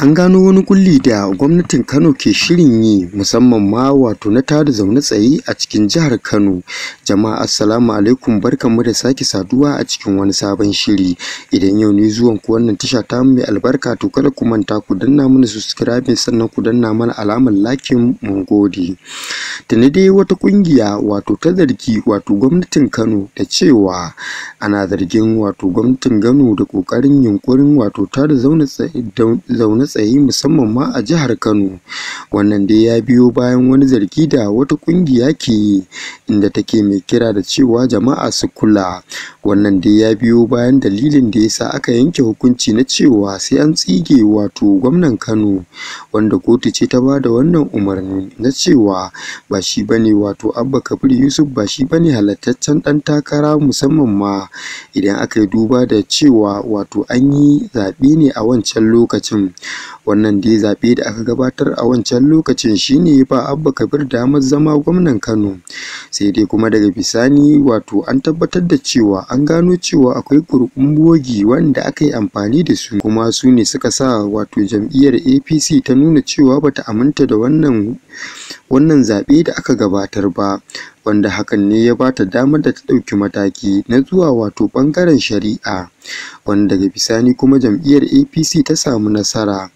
An gano wani kulli da gwamnatin Kano ke shirin yi musamman ma wato na tada zaune tsaye a cikin jihar Kano. Jama'a assalamu alaikum barkanmu da sake saduwa a cikin wani sabon shiri. Idan yau ne zuwan ku wannan tasha ta mai albarka to kada ku manta ku danna mana subscribe sannan ku danna mana alamar lakin mun gode. tuni dai wata kungiya wato ta zargi wato gwamnatin Kano da cewa ana zargin wato gwamnatin Gano da kokarin yunkurin wato tare zaune tsaye musamman ma a jihar Kano wannan dai ya biyo bayan wani zargi da wata kungiya ke yi inda take mai kira da cewa jama'a su kula wannan dai ya biyo bayan dalilin da ya sa aka yanke hukunci na cewa sai an tsige wato gwamnan Kano wanda kotu ce ta ba da wannan umarni na cewa ba ba shi bane wato Abba Kabir Yusuf ba shi bane halattaccen ɗan takara musamman ma idan aka yi duba da cewa wato an yi zaɓe ne a wancan lokacin. Wannan dai zaɓe da aka gabatar a wancan lokacin shine ba Abba Kabir damar zama gwamnan Kano, sai dai kuma daga bisani wato an tabbatar da cewa an gano cewa akwai ƙuri'un bogi wanda aka yi amfani da su kuma su ne suka sa wato jam'iyyar APC ta nuna cewa bata aminta da wannan zaɓe da aka gabatar ba. wanda hakan ne ya bata damar da ta ɗauki mataki na zuwa wato ɓangaren shari'a wanda daga bisani kuma jam'iyyar apc ta samu nasara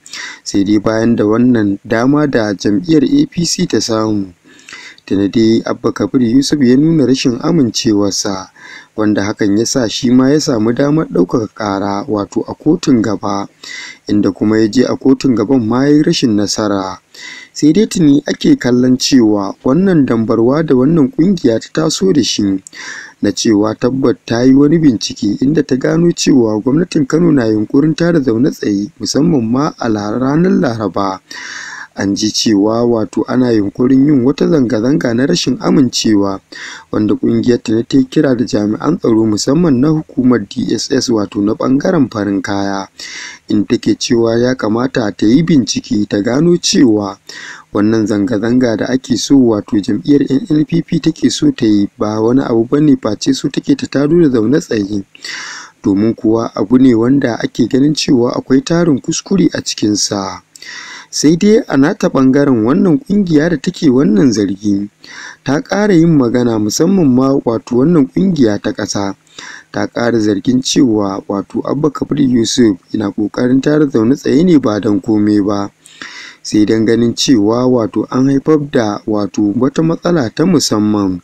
sai dai bayan da wannan dama da jam'iyyar apc ta samu tuni dai abba kabir yusuf ya nuna rashin amincewarsa wanda hakan ya sa shi ma ya samu damar ɗaukaka ƙara wato a kotun gaba inda kuma ya je a kotun gaban ma ya yi rashin nasara sai dai tuni ake kallon cewa wannan dambarwa da wannan ƙungiya ta taso da shi na cewa tabbat ta yi wani bincike inda ta gano cewa gwamnatin kano na yunkurin tara zaune tsaye musamman ma a ranar laraba an ji cewa wato ana yunkurin yin wata zanga-zanga na rashin amincewa wanda kungiyar ta ta kira da jami'an tsaro musamman na hukumar DSS wato na ɓangaren farin kaya in take cewa ya kamata ta yi bincike ta gano cewa wannan zanga-zanga da ake so wato jam'iyyar NNPP take so ta yi ba wani abu bane face so take ta taro da zaune tsaye domin kuwa abu ne wanda ake ganin cewa akwai tarin kuskure a cikinsa. sai dai a nata ɓangaren wannan ƙungiya da take wannan zargi ta ƙara yin magana musamman ma wato wannan ƙungiya ta ƙasa ta ƙara zargin cewa wato abba kabir yusuf yana ƙoƙarin tara zaune tsaye ne ba don komai ba sai don ganin cewa wato an haifar da wato wata matsala ta musamman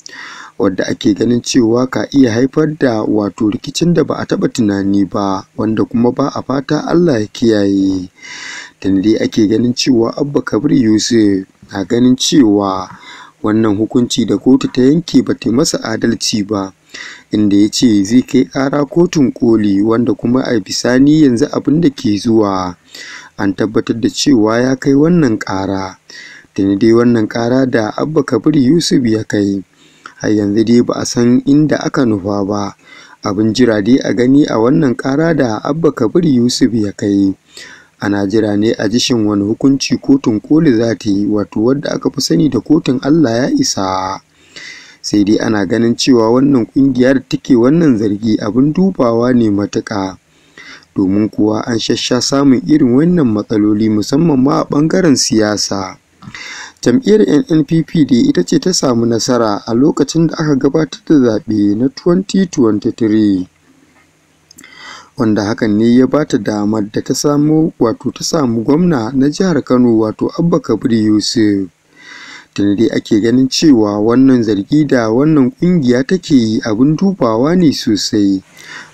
wadda ake ganin cewa ka iya haifar da wato rikicin da ba a taɓa tunani ba wanda kuma ba a fata Allah ya kiyaye dai ake ganin cewa abba kabir yusuf na ganin cewa wannan hukunci da kotu ta yanke ba ta masa adalci ba inda ya ce zai kai ƙara kotun koli wanda kuma a bisani yanzu abin da ke zuwa an tabbatar da cewa ya kai wannan ƙara da dai wannan ƙara da abba kabir yusuf ya kai har yanzu dai ba a san inda aka nufa ba abin jira dai a gani a wannan ƙara da abba kabir yusuf ya kai ana jira ne a jishin wani hukunci kotun koli za ta yi wato wadda aka fi sani da kotun allah ya isa sai dai ana ganin cewa wannan kungiyar take wannan zargi abin dubawa ne matuƙa domin kuwa an shasha samun irin wannan matsaloli musamman ma a ɓangaren siyasa Jam'iyyar NNPP dai ita ce ta samu nasara a lokacin da aka gabatar da zaɓe na 2023, wanda hakan ne ya ba ta damar da ta samu gwamna na Jihar Kano wato Abba Kabir Yusuf. tunda dai ake ganin cewa wannan zargi da wannan kungiya take yi abin dubawa ne sosai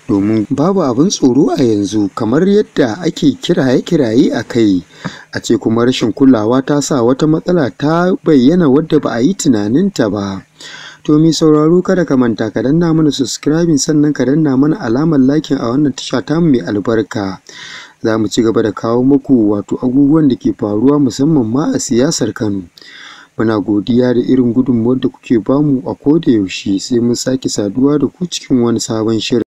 domin babu abin tsoro a yanzu kamar yadda ake kiraye-kiraye a kai a ce kuma rashin kulawa ta sa wata matsala ta bayyana wadda ba a yi tunaninta ba to mi sauraro kada ka manta ka danna mana subscribing sannan ka danna mana alamar lakin a wannan tasha ta mai albarka za mu ci gaba da kawo muku wato abubuwan da ke faruwa musamman ma a siyasar kano Muna godiya da irin gudunmawar da kuke bamu a koda yaushe sai mun sake saduwa da ku cikin wani sabon shirin.